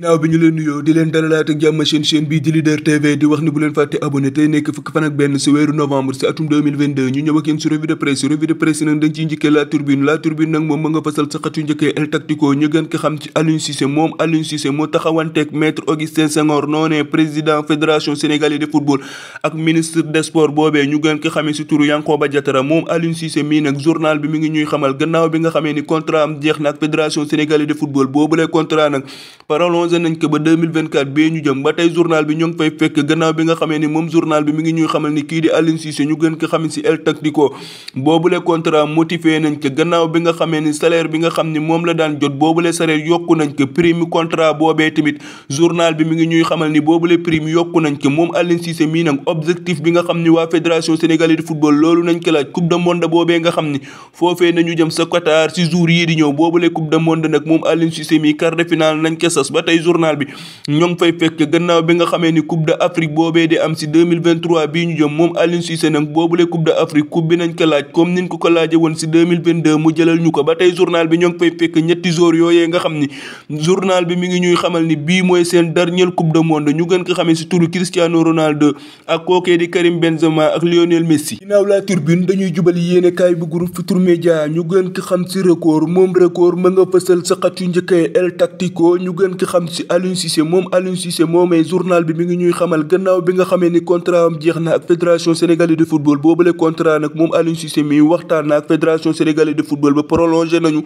ginnaaw bi ñu leen nuyoo di leen dalalaat ak jàmm seen chaîne bii di leader tv di wax ni bu leen fàtte abonné tey nekk fukki benn si weeru novembre si atum ñu ñëw si revue de presse revue de presse nag dañ ciy njëkkee la turbine la turbine nag moom ma nga fasal sa xat njëkkee el tactico ñu gën ko xam moom Aliou Cissé moo taxawanteeg maître Augustin si mii nag journal bi mi ngi ñuy xamal gannaaw bi nga xamee ni contrat am jeex na ak fédération de football prolongé nañ ko ba 2024 bii ñu jëm ba tey journal bi ñoo ngi fay fekk gannaaw bi nga xamee ni moom journal bi mi ngi ñuy xamal ni kii di Aliou Cissé ñu gën ko xamee si El Tactico boobule contrat motivé nañ ko gannaaw bi nga xamee ni salaire bi nga xam ni moom la daan jot boobule salaire yokku nañ ko prime contrat boobee tamit journal bi mu ngi ñuy xamal ni boobule prime yokku nañ ko moom Aliou Cissé mii nag objectif bi nga xam ni waa fédération sénégalaise de football loolu nañ ko laaj boobee nga xam ni foofee nañu sa Qatar si jour yii di ñëw boobule coupe du tey tey journal bi ñoo ngi fay fekk gannaaw bi nga xamee ni coupe de afrique boobee di am si 2023 bii moom Aliou Cissé nag boobule coupe de afrique coupe bi nañ ko laaj comme niñ ko ko laaje woon si mu jëlal ñu ko ba tey journal bi ñoo ngi fay fekk ñetti jour yooyee nga xam ni journal bi mi ngi ñuy xamal ni bii mooy seen dernière coupe du monde ñu gën ko xamee si turu Cristiano Ronaldo ak kookee di Karim Benzema ak Lionel Messi ginnaaw la turbine dañuy si Aliou Cissé moom Aliou Cissé moomee journal bi mi ngi ñuy xamal gannaaw bi nga xamee ni contrat am jeex na ak fédération sénégalaise de football boobale contrat nag moom Aliou Cissé mi waxtaan na ak fédération sénégalaise de football ba prolongé nañu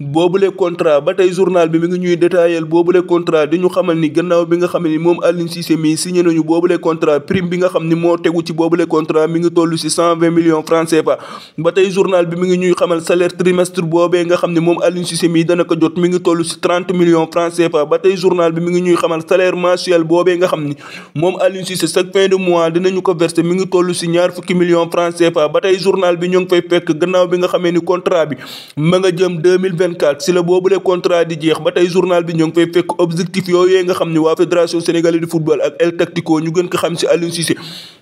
boobule contrat ba tey journal bi ngi ñuy détaillel boobule contrat ñu xamal ni gannaaw bi nga xam ni moom Aliou Cissé mi signé nañu boobule moo tegu ci boobule contrat mi ngi toll si cent vingt millions francs CFA ba tey journal bi mi ngi ñuy xamal salaire trimestre nga xam toll si trente millions francs CFA ba tey journal bi mi boobee nga xam ni moom Aliou Cissé mois dinañu ko verser mi ngi toll si ñaar fukki millions francs CFA ba tey journal bi ñoo ngi fay fekk gannaaw bi nga xamee ni contrat bi ma nga jëm 2024 si la boobule contrat di jeex ba tey journal bi ñoo ngi fay fekk objectif yooyee nga xam ni waa fédération sénégalaise de football ak El Tactico ñu gën ko xam si Aliou Cissé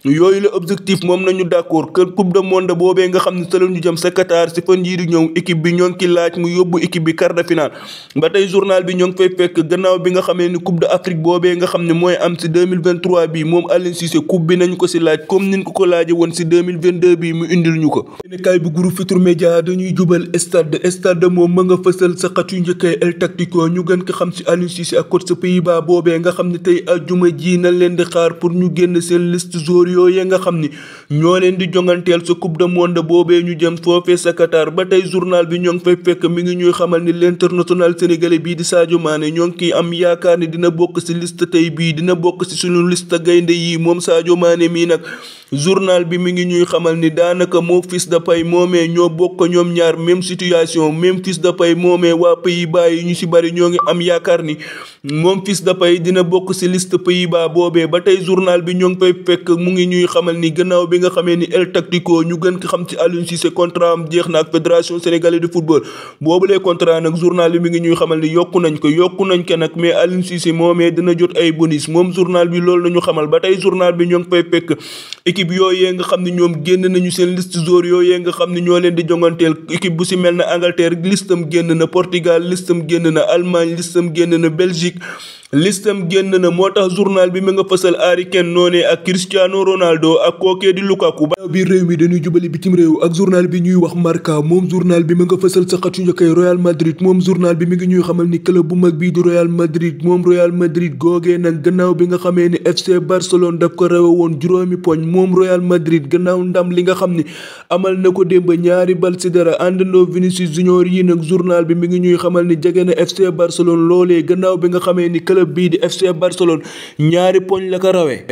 yooyu la objectif moom nañu d' coupe du monde boobee nga xam ne sala jëm sa Qatar si fan yii ñëw équipe bi ñoo ngi laaj mu yóbbu équipe bi quart de finale ba tey journal bi ñoo ngi fay fekk gannaaw bi nga xamee ni coupe d'Afrique boobee nga xam ne mooy am si 2023 bi nga fësal sa xat yu njëkkee El Tactico ñu gën ko xam si Aliou Cissé ak coach sa Pays-Bas boobee nga xam ne tey ajjuma ji na leen di xaar pour ñu génn seen liste joueurs yooyee nga xam ni ñoo leen di jonganteel sa coupe du monde boobee ñu jëm foofee sa Qatar ba tey journal bi ñoo ngi fay fekk mi ngi ñuy xamal ni l'international sénégalais bii di Sadio Mané ñoo ngi kiy am yaakaar ne dina bokk si list tey bii dina bokk si suñu list gaynde yi moom Sadio Mané mii nag journal bi mi ngi ñuy xamal ni daanaka moo Fils de Paye moomee ñoo bokk ñoom ñaar même situation même Fils de Paye moomee waa pays yi ñu si bëri ñoo ngi am yaakaar ni moom Fils de Paye dina bokk si liste Pays-Bas boobee ba tey journal bi ñoo ngi fay fekk mu ngi ñuy xamal ni gannaaw bi nga xamee ni El Tactico ñu gën ko xam ci Aliou contrat am jeex na ak fédération sénégalaise de football boobulee contrat nag journal bi mi ngi ñuy xamal ni yokk nañ ko yokku nañ ko nag mais Aliou Cissé moomee dina jot ay bonus moom journal bi loolu la ñu xamal ba tey bi ñoo ngi fay fekk équipe yooyee nga xam ne ñoom génn nañu seen liste joueurs yooyee nga xam ne ñoo leen di jonganteel équipe bu si mel na Angleterre listam génn na Portugal listam génn na Allemagne listam génn na Belgique listam génn na moo tax journal bi mi nga fësal Harry Kane noonee ak Cristiano Ronaldo ak kookee di Lukaku ba biir réew mi dañuy jubali bitim réew ak journal bi ñuy wax Marca moom journal bi mi nga fësal sa xatu njëkkay Real Madrid moom journal bi mi ngi ñuy xamal ni club bu mag bii di Real Madrid moom Real Madrid googee nag gannaaw bi nga xamee ni FC Barcelone daf ko rewe woon juróomi poñ moom Real Madrid gannaaw ndam li nga xam ni amal na ko démb ñaari bal si dara àndandoo Vinicius Junior yi nag journal bi mi ngi ñuy xamal ni jege na FC club bii di FC Barcelone ñaari poñ la ko rawee